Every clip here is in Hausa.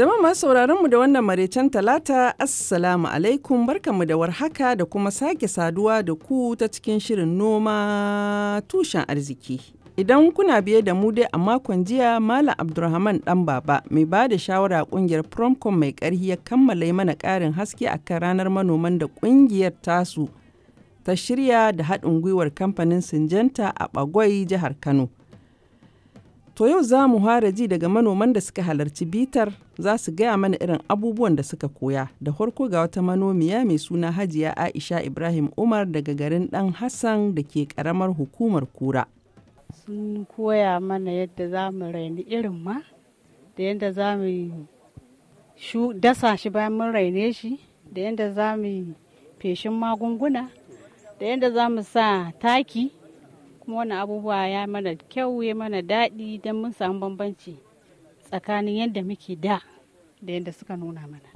Jama'a masu sauraron mu da wannan maraicen talata assalamu alaikum barkamu da warhaka da kuma sake saduwa da ku ta cikin shirin noma tushen arziki. Idan kuna biye da mu dai a makon jiya Malam Abdulrahman dan baba mai ba da shawara kungiyar Promcom mai karhi ya kammala mana karin haske a kan ranar manoman da kungiyar tasu ta shirya da haɗin gwiwar kamfanin Sinjanta a Bagwai jihar Kano. To yau za mu haraji ji daga manoman da suka halarci bitar za su gaya mana irin abubuwan da suka koya. Da farko ga wata manomiya mai suna Hajiya Aisha Ibrahim Umar daga garin Dan Hassan da ke karamar hukumar Kura. Sun koya mana yadda za mu raini irin ma da yadda za mu dasa shi bayan mun raine shi da yadda za mu feshin magunguna da yadda za mu sa taki kuma wannan abubuwa ya mana kyau ya mana daɗi don mun samu bambanci tsakanin yadda muke da da yadda suka nuna mana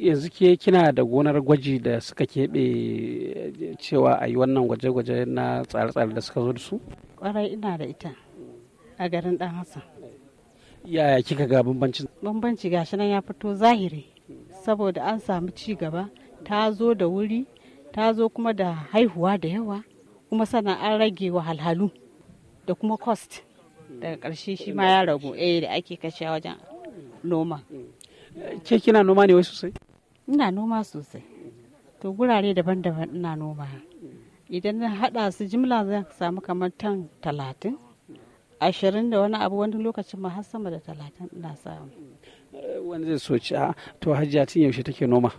yanzu ke kina da gonar gwaji da suka keɓe cewa a yi wannan gwaje-gwaje na tsare-tsare da suka zo da su ƙwarai ina da ita a garin ɗan hassan yaya kika ga bambancin bambanci gashi nan ya fito zahiri saboda an samu ci gaba ta zo da wuri ta zo kuma da haihuwa da yawa kuma sannan an rage wahalhalu da kuma cost daga ƙarshe shi ma ya ragu eh da ake kashe wajen noma ke kina noma ne wai sosai ina noma sosai to gurare daban-daban ina noma idan na hada su jimla zan samu kamar tan talatin ashirin da wani abu wani lokacin ma har sama da talatin ina samu wani zai soci a to hajiya tun yaushe take noma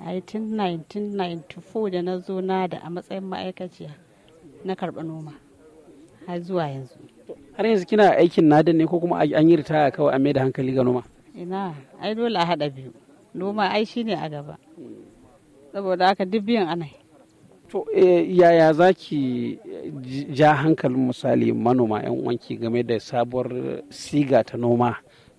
a 1994 da na zo na da a matsayin ma'aikaciya na karɓa noma har zuwa yanzu har yanzu kina aikin nadan ne ko kuma an yi ritaya kawai a mai da hankali ga noma ina ai dole a haɗa biyu noma ai shi ne a gaba saboda haka duk biyan ana to eh, yaya za ki eh, ja hankalin misali manoma yan wanki game da sabuwar siga ta noma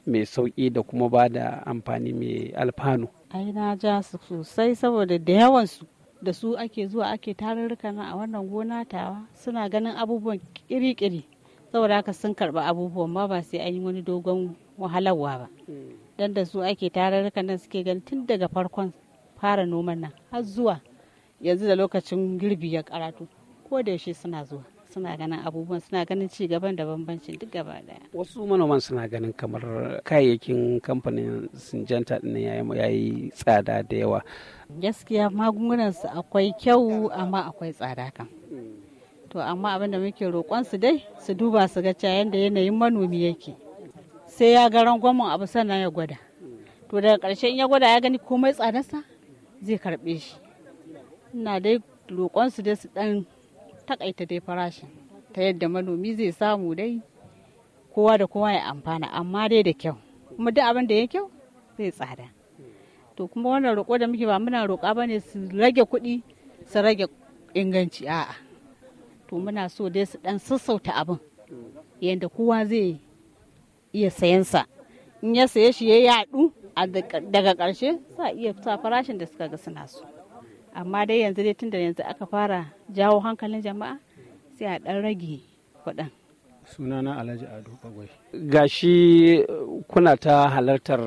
mai sauƙi da kuma ba da amfani mai alfanu ai na ja su sosai saboda da yawansu da su ake zuwa ake tarurruka na a wannan gona tawa suna ganin abubuwan kiri-kiri saboda haka sun karba abubuwan ma ba sai an yi wani dogon wahalarwa ba hmm. dan da su ake tarurruka nan suke gani tun daga farkon fara noman nan har zuwa yanzu da lokacin girbi ya karatu ko da yaushe suna zuwa suna ganin abubuwan suna ganin ci gaban da bambancin duk gaba daya wasu manoman suna ganin kamar kayayyakin kamfanin sinjanta din ya yi tsada da yawa gaskiya magungunan su akwai kyau amma akwai tsada kan mm. to amma abin da muke roƙon su dai su duba su ga cewa yanda yanayin manomi yake sai ya ga rangwamen abu sannan ya gwada mm. to daga ƙarshe in ya gwada ya gani komai tsadarsa zai karɓe shi ina dai roƙon su dai su ɗan takaita dai farashin ta yadda manomi zai samu dai kowa da kowa ya amfana amma dai da kyau kuma duk abin da ya kyau zai tsada to kuma wannan roƙo da muke ba muna roƙa ba ne su rage kuɗi su rage inganci a'a to muna so dai su ɗan sassauta abin yadda kowa zai iya sayansa in ya saye shi ya yaɗu daga ƙarshe sa iya sa farashin da suka ga suna so amma dai yanzu dai tunda yanzu aka fara jawo hankalin jama'a sai a ɗan rage kuɗin sunana alhaji ado bagwai gashi kuna ta halartar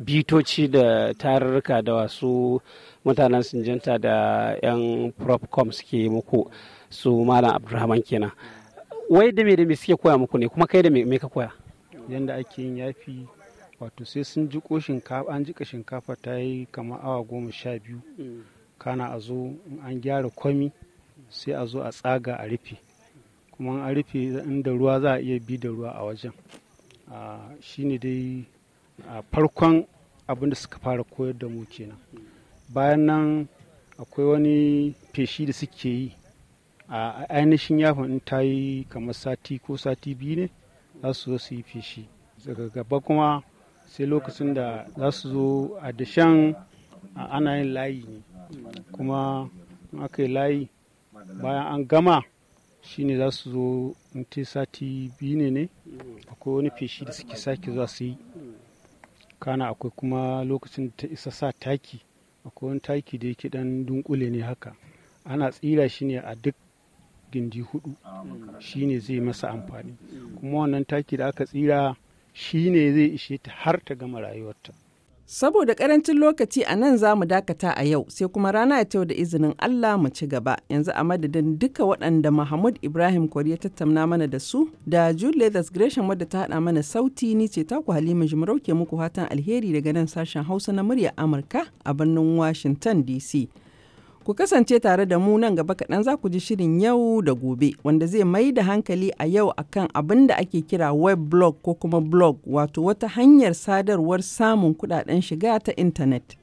bitoci da tarurruka da wasu mutanen sinjanta da 'yan propcom suke muku su malam abdulrahman kenan wai da me da me suke koya muku ne kuma kai da me ka koya yadda ake yin yafi wato sai sun ji ko shinkafa an jika shinkafa ta yi kama awa goma sha biyu mm. kana a zo in an gyara kwami sai a zo a tsaga a rufe kuma an rufe inda ruwa za a iya bi da ruwa a wajen shi ne dai a farkon abin suka fara koyar da mu kenan bayan nan akwai wani feshi da suke yi a ainihin yafin in ta yi kamar sati ko sati biyu ne za su zo su yi feshi daga gaba kuma sai lokacin da za su zo a dashen ana yin layi ne kuma aka yi layi bayan an gama shi ne za su zo mutum sati biyu ne ne akwai wani feshi da suke sake zuwa su yi kana akwai kuma lokacin da ta isa sa taki akwai wani taki da yake dan dunkule ne haka ana tsira shi ne a duk gindi hudu shi ne zai masa amfani kuma wannan taki da aka tsira shi ne zai ishe ta har ta gama rayuwarta Saboda karancin lokaci a nan za mu dakata a yau sai kuma rana ya da izinin Allah mu ci gaba yanzu a madadin duka waɗanda Mahmud Ibrahim Kwari ya tattauna mana da su da Jude Leathers Gresham wadda ta haɗa mana sauti ni ce ta ku Halima Jimarau ke muku fatan alheri daga nan sashen Hausa na murya Amurka a birnin Washington DC. Ku kasance tare da mu nan gaba kaɗan za ku ji shirin yau da gobe wanda zai mai da hankali a yau akan abin da ake kira web blog ko kuma blog wato wata hanyar sadarwar samun kuɗaɗen shiga ta intanet.